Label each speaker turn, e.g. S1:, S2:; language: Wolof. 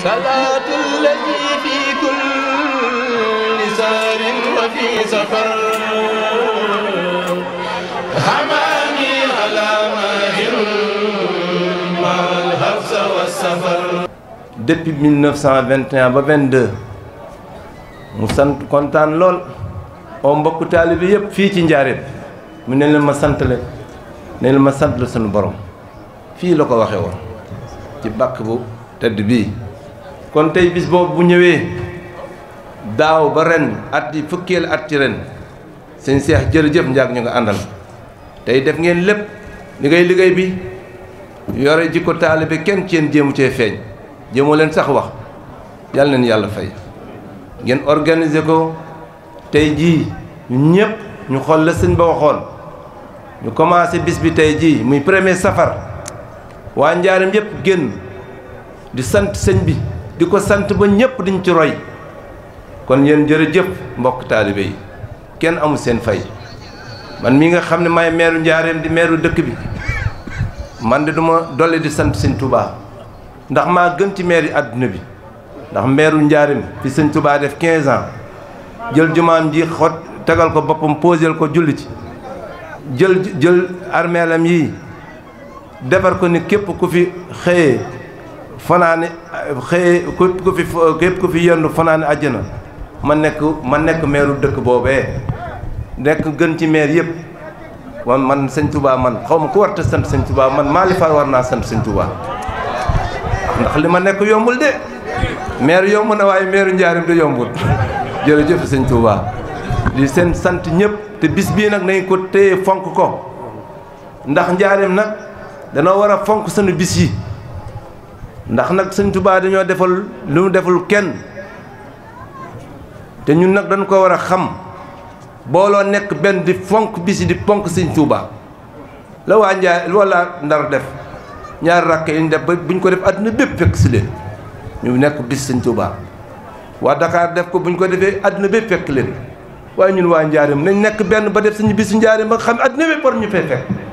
S1: صلاة الذي في كل سار وفي سفر حماني على ماهر مع الحفظ والسفر depuis 1921 ba 22 mu sant kontaan lool oo mbokku taalibe yépp fii ci njaareeb mu ne leen ma sant le ne leen ma sant la sunu borom fii la ko waxe woon ci bàkk bu tedd bii kon tey bis boobu bu ñëwee daaw ba ren at yi fukkeel at ci ren sëñ seex jërëjëf njaag ñu nga àndal tey def ngeen lépp liggéey liggéey bi yore jikko taalibe kenn ci yéen jéemu cee feeñ jéemoo leen sax wax yàlla neen yàlla fay ngeen organise ko tey jii ñëpp ñu xool la sëñ ba waxoon ñu commencé bis bi tey jii muy premier safar waa njaaram yëpp génn di sant sëñ bi di ko sant ba ñépp diñ ci roy kon yéen jërëjëf mbokk taalibe yi kenn amul seen fay man mi nga xam ne may meeru njaareem di meeru dëkk bi man de duma dolli di sant sëñ Touba ndax maa gën ci meer àdduna bi ndax meeru njaareem fi sëñ Touba def 15 ans jël jumaam ji xot tegal ko boppam posel ko julli ci jël jël armeelam yii defar ko ni képp ku fi xëyee fanaane xëye képp ku fi képp ku fi yendu fanaani àjjana ma nekk ma nekk meeru dëkk boobee nekk gën ci meer yëpp wan man sëñ Touba man xaw ma ku warta sant sëñ Touba man maa li far war naa sant sëñ Touba ndax li ma nekk yombul de meer yomb na waaye meeru njaarim du yombul jërëjëf sëñ Touba di seen sant ñëpp te bis bii nag nañ ko téye fonk ko ndax njaarim nag dana war a fonk sunu bis yi ndax nag sëñ Tuubaa dañoo defal lu mu deful kenn te ñun nag dañ ko war a xam booloo nekk benn di fonk bisi di ponk sëñ Tuubaa la waa Njaay walla Ndar def ñaar rakk yi ñu def ba buñ ko def àdduna bépp fekk si leen ñu nekk bis sëñ Tuubaa waa Dakar def ko buñ ko defee àdduna bépp fekk leen waaye ñun waa Njaaréem nañ nekk benn ba def suñu bisu Njaaréem ba xam àdduna bépp war ñu fee fekk